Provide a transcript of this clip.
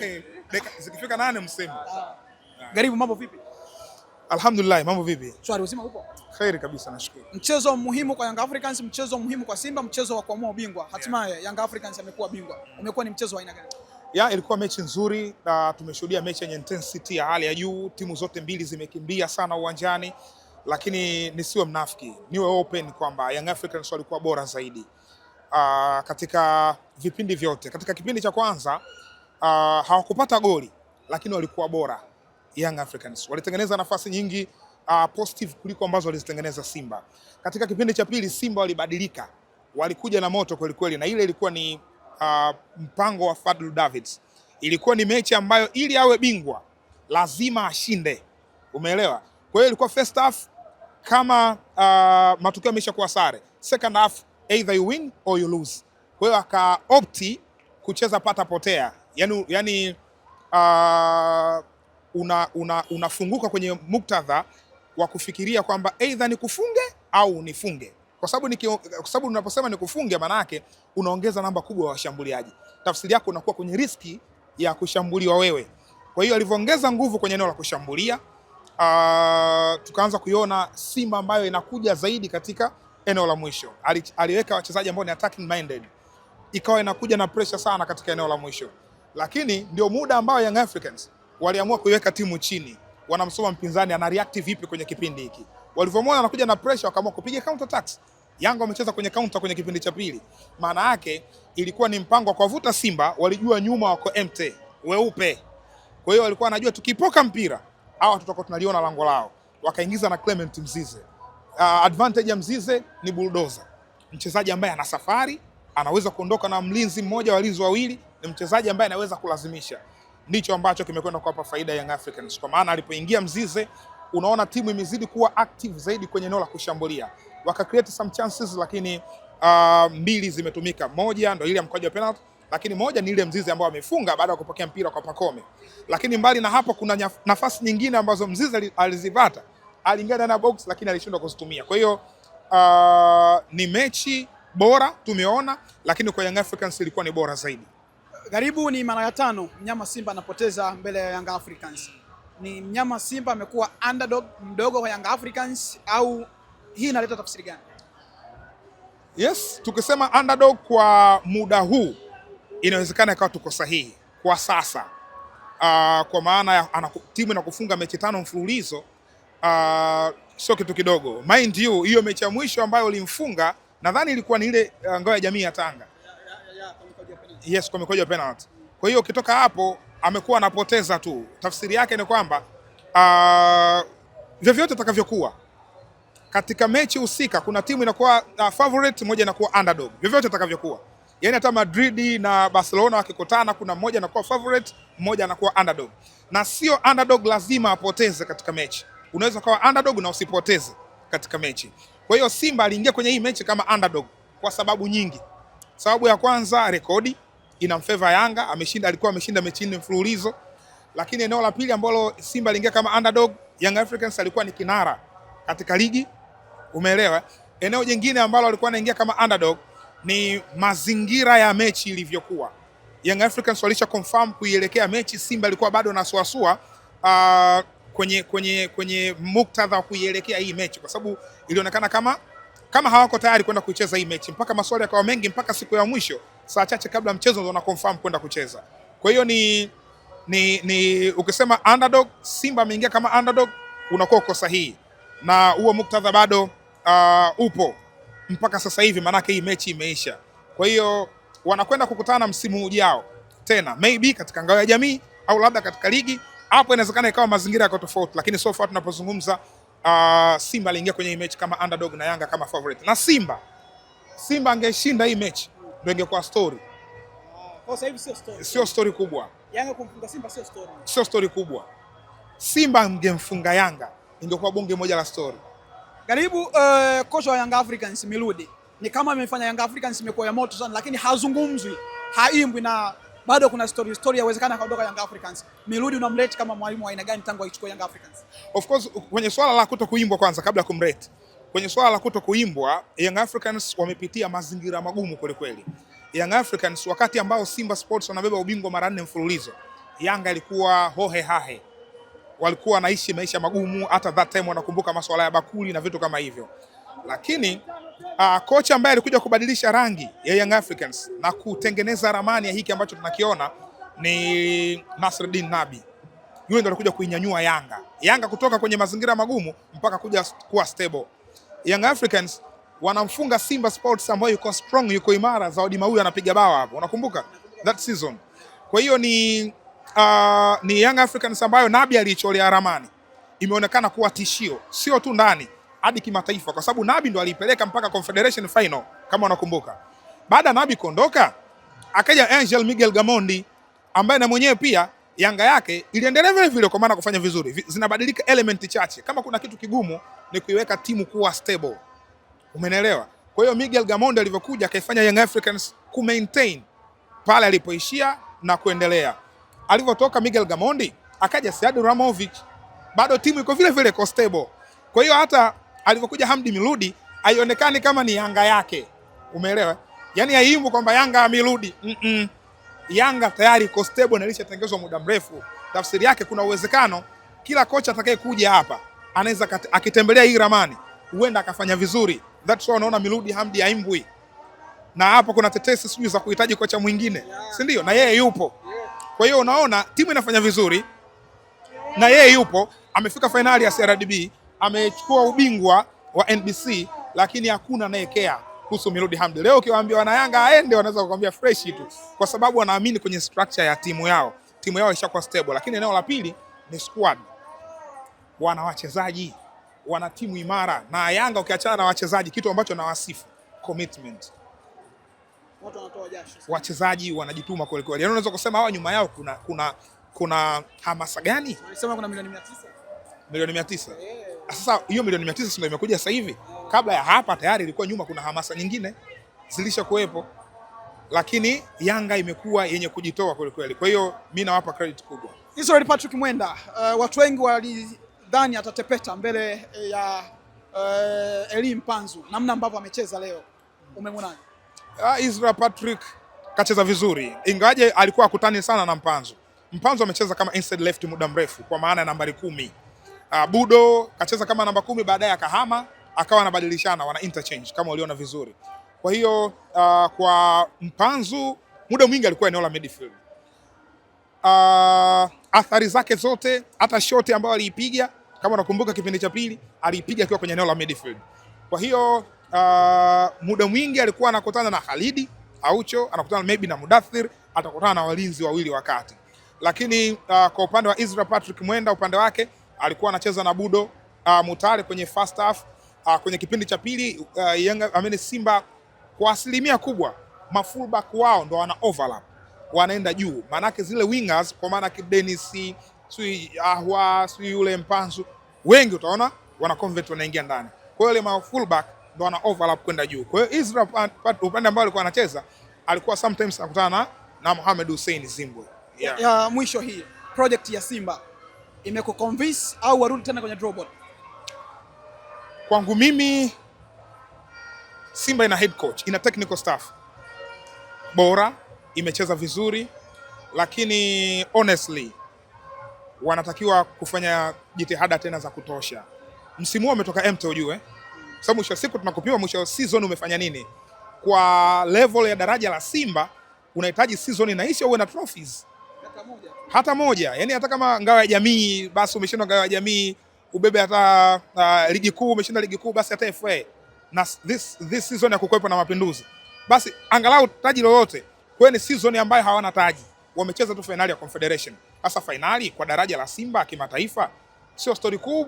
eh, zikifika nane mseme. Ah. Garibu, mambo vipi? Alhamdulillah, mambo vipi? Shwari, uzima upo? Khairi kabisa, nashukuru. Mchezo muhimu kwa Young Africans, mchezo muhimu kwa Simba, mchezo wa kuamua ubingwa. Hatimaye yeah. Young Africans amekuwa bingwa. Umekuwa ni mchezo wa aina gani? Ya, ilikuwa mechi nzuri na tumeshuhudia mechi yenye intensity ya hali ya juu. Timu zote mbili zimekimbia sana uwanjani, lakini nisiwe mnafiki, niwe open kwamba Young Africans walikuwa bora zaidi. Uh, katika vipindi vyote, katika kipindi cha kwanza uh, hawakupata goli lakini walikuwa bora. Young Africans walitengeneza nafasi nyingi uh, positive kuliko ambazo walizitengeneza Simba. Katika kipindi cha pili Simba walibadilika, walikuja na moto kweli kweli, na ile ilikuwa ni uh, mpango wa Fadlu Davids. Ilikuwa ni mechi ambayo ili awe bingwa lazima ashinde, umeelewa? Kwa hiyo ilikuwa first half kama uh, matokeo yameisha kuwa sare, second half either you win or you lose. Kwa hiyo akaopti kucheza pata potea yani, yani uh, una, una, kwenye muktadha wa kufikiria kwamba aidha nikufunge au nifunge, kwa sababu kwa sababu unaposema nikufunge, maana yake unaongeza namba kubwa ya washambuliaji. Tafsiri yako unakuwa kwenye riski ya kushambuliwa wewe. Kwa hiyo alivyoongeza nguvu kwenye eneo la kushambulia, uh, tukaanza kuiona Simba ambayo inakuja zaidi katika eneo la mwisho. Ali, aliweka wachezaji ambao ni attacking minded, ikawa inakuja na pressure sana katika eneo la mwisho lakini ndio muda ambao Young Africans waliamua kuiweka timu chini, wanamsoma mpinzani ana react vipi kwenye kipindi hiki. Walivyomwona anakuja na pressure, wakaamua kupiga counter attacks. Yanga wamecheza kwenye counter kwenye kipindi cha pili. Maana yake ilikuwa ni mpango wa kuwavuta Simba, walijua nyuma wako MT weupe, kwa hiyo walikuwa wanajua tukipoka mpira hawa tutakuwa tunaliona lango lao. Wakaingiza na Clement Mzize. Uh, advantage ya Mzize ni bulldozer, mchezaji ambaye ana safari anaweza kuondoka na mlinzi mmoja, walinzi wawili, ni mchezaji ambaye anaweza kulazimisha. Ndicho ambacho kimekwenda kuwapa faida Young Africans, kwa maana alipoingia Mzize, unaona timu imezidi kuwa active zaidi kwenye eneo la kushambulia, waka create some chances, lakini uh, mbili zimetumika, moja ndio ile mkoja wa penalty lakini moja ni ile Mzize ambao amefunga baada ya kupokea mpira kwa Pakome. Lakini mbali na hapo, kuna nafasi nyingine ambazo Mzize alizipata, alingana na box lakini alishindwa kuzitumia. Kwa hiyo uh, ni mechi bora tumeona, lakini kwa Young Africans ilikuwa ni bora zaidi. Karibu ni mara ya tano mnyama Simba anapoteza mbele ya Young Africans. Ni mnyama Simba amekuwa underdog mdogo kwa Young Africans au hii inaleta tafsiri gani? Yes, tukisema underdog kwa muda huu inawezekana ikawa tuko sahihi kwa sasa. Uh, kwa maana timu inakufunga mechi tano mfululizo uh, sio kitu kidogo. Mind you, hiyo mechi ya mwisho ambayo ulimfunga nadhani ilikuwa ni ile eh, ngao ya jamii ya Tanga yes, kwa mikojo penalty. Kwa hiyo ukitoka hapo amekuwa anapoteza tu, tafsiri yake ni kwamba uh, vyovyote atakavyokuwa katika mechi husika, kuna timu inakuwa uh, favorite moja inakuwa underdog, vyovyote atakavyokuwa yaani hata Madrid na Barcelona wakikutana, kuna mmoja anakuwa favorite, mmoja anakuwa underdog, na sio underdog lazima apoteze katika mechi. Unaweza ukawa underdog na usipoteze katika mechi. Kwa hiyo Simba aliingia kwenye hii mechi kama underdog kwa sababu nyingi. Sababu ya kwanza, rekodi ina mfeva Yanga, ameshinda alikuwa ameshinda mechi nne mfululizo. Lakini eneo la pili ambalo Simba aliingia kama underdog, Young Africans alikuwa ni kinara katika ligi, umeelewa? Eneo jingine ambalo alikuwa anaingia kama underdog ni mazingira ya mechi ilivyokuwa. Young Africans walisha confirm kuielekea mechi, Simba alikuwa bado na suasua uh, kwenye, kwenye, kwenye muktadha wa kuielekea hii mechi, kwa sababu ilionekana kama kama hawako tayari kwenda kuicheza hii mechi, mpaka maswali yakawa mengi mpaka siku ya mwisho, saa chache kabla mchezo ndio wanaconfirm kwenda kucheza. Kwa hiyo ni, ni, ni ukisema underdog, Simba ameingia kama underdog, unakuwa uko sahihi na huo muktadha bado uh, upo mpaka sasa hivi, maanake hii mechi imeisha. Kwa hiyo wanakwenda kukutana msimu ujao tena maybe katika ngao ya jamii au labda katika ligi hapo inawezekana ikawa mazingira yako tofauti, lakini so far tunapozungumza, uh, Simba aliingia kwenye hii mechi kama underdog na Yanga kama favorite, na Simba Simba angeshinda hii mechi ndio ingekuwa story. Kwa oh, sasa hivi sio story, sio story kubwa. Yanga kumfunga Simba sio story, sio story kubwa. Simba angemfunga Yanga ingekuwa bonge moja la story. Karibu uh, kocha wa Yanga Africans Miludi ni kama amefanya Yanga Africans imekuwa ya moto sana, lakini hazungumzwi, haimbwi na bado kuna story story, yawezekana akaondoka Young Africans. Mirudi unamrate kama mwalimu wa aina gani tangu aichukue Young Africans? Of course kwenye swala la kuto kuimbwa, kwanza kabla ya kumrate, kwenye swala la kuto kuimbwa, Young Africans wamepitia mazingira magumu kwelikweli. Young Africans wakati ambao Simba Sports wanabeba ubingwa mara nne mfululizo, Yanga ilikuwa hohe hahe, walikuwa wanaishi maisha magumu. Hata that time wanakumbuka masuala ya bakuli na vitu kama hivyo. Lakini uh, kocha ambaye alikuja kubadilisha rangi ya Young Africans na kutengeneza ramani ya hiki ambacho tunakiona ni Nasreddine Nabi. Yule ndo alikuja kuinyanyua Yanga, Yanga kutoka kwenye mazingira magumu mpaka kuja kuwa stable. Young Africans wanamfunga Simba Sports ambayo yuko strong, yuko imara. Zawadi Mauyo anapiga bao hapo, unakumbuka that season. Kwa hiyo ni, uh, ni Young Africans ambayo Nabi aliicholea ramani, imeonekana kuwa tishio sio tu ndani hadi kimataifa, kwa sababu Nabi ndo alipeleka mpaka Confederation Final kama unakumbuka. Baada Nabi kuondoka, akaja Angel Miguel Gamondi ambaye na mwenyewe pia Yanga yake iliendelea vile vile, kwa maana kufanya vizuri. Zinabadilika element chache. Kama kuna kitu kigumu ni kuiweka timu kuwa stable, umenelewa. Kwa hiyo Miguel Gamondi alivyokuja akaifanya Young Africans ku maintain pale alipoishia na kuendelea. Alivyotoka Miguel Gamondi akaja Sead Ramovic, bado timu iko vile vile ko stable. Kwa hiyo hata alivyokuja Hamdi Mirudi haionekani kama ni Yanga yake, umeelewa? Yaani haiimbwi kwamba Yanga amirudi mm -mm. Yanga tayari iko stable na ilishatengenezwa muda mrefu. Tafsiri yake kuna uwezekano kila kocha atakayekuja hapa anaweza akitembelea hii ramani huenda akafanya vizuri. That's why unaona Mirudi Hamdi haimbwi, na hapo kuna tetesi sijui za kuhitaji kocha mwingine, si ndio? Na yeye yupo, kwa hiyo unaona timu inafanya vizuri na yeye yupo, amefika fainali ya CRDB amechukua ubingwa wa NBC, lakini hakuna anayekea kuhusu Mirudi Hamdi. Leo ukiwaambia wana Yanga aende, wanaweza kukwambia fresh tu, kwa sababu wanaamini kwenye structure ya timu yao. Timu yao ishakuwa stable, lakini eneo la pili ni squad, wana wachezaji, wana timu imara. Na Yanga ukiachana na wachezaji, kitu ambacho nawasifu commitment wachezaji wanajituma kweli kweli. Yaani unaweza kusema hawa nyuma yao kuna kuna kuna hamasa gani? Unasema kuna milioni 900. Milioni 900. Sasa hiyo milioni mia tisa ndio imekuja sasa hivi. Kabla ya hapa tayari ilikuwa nyuma, kuna hamasa nyingine zilisha kuwepo, lakini Yanga imekuwa yenye kujitoa kweli kweli. Kwa hiyo mimi nawapa credit kubwa. Israel Patrick Mwenda, uh, watu wengi walidhani atatepeta mbele eh, ya uh, eh, Eli Mpanzu namna ambavyo amecheza leo, umemwonaje? Uh, Israel Patrick kacheza vizuri, ingawaje alikuwa akutani sana na Mpanzu. Mpanzu amecheza kama inside left muda mrefu, kwa maana ya nambari kumi Uh, Budo kacheza kama namba kumi, baadaye akahama akawa anabadilishana, wana interchange kama uliona vizuri. Kwa hiyo uh, kwa Mpanzu muda mwingi alikuwa eneo la midfield. Uh, athari zake zote, hata shoti ambayo aliipiga kama unakumbuka kipindi cha pili aliipiga akiwa kwenye eneo la midfield. Kwa hiyo uh, muda mwingi alikuwa anakutana na Khalidi Aucho, anakutana maybe na Mudathir, atakutana na walinzi wawili wakati, lakini uh, kwa upande wa Israel Patrick Mwenda upande wake alikuwa anacheza na Budo uh, Mutale kwenye first half uh, kwenye kipindi cha pili uh, Yanga amene Simba kwa asilimia kubwa mafullback wao ndo wana overlap wanaenda juu, maanake zile wingers kwa maana Dennis sui Ahwa sui yule Mpanzu wengi utaona wana convert wanaingia ndani, kwa hiyo ile ma fullback ndo wana overlap kwenda juu. Kwa hiyo Israel upande ambao alikuwa anacheza alikuwa sometimes anakutana na Mohamed Hussein Zimbwe. Yeah. Ya, mwisho hii project ya Simba imekuconvince au warudi tena kwenye draw board? Kwangu mimi Simba ina head coach, ina technical staff bora, imecheza vizuri, lakini honestly wanatakiwa kufanya jitihada tena za kutosha. Msimu huu umetoka empty, ujue sababu mwisho wa siku tunakupima mwisho wa season umefanya nini. Kwa level ya daraja la Simba unahitaji season inaisha uwe na trophies hata moja, yani hata kama ngao ya jamii basi umeshinda ngao ya jamii, ubebe hata uh, ligi kuu umeshinda ligi kuu, basi hata FA na this, this season ya kukwepa na mapinduzi, basi angalau taji lolote. Kwa ni season ambayo hawana taji, wamecheza tu fainali ya Confederation. Sasa fainali kwa daraja la Simba kimataifa sio stori kubwa.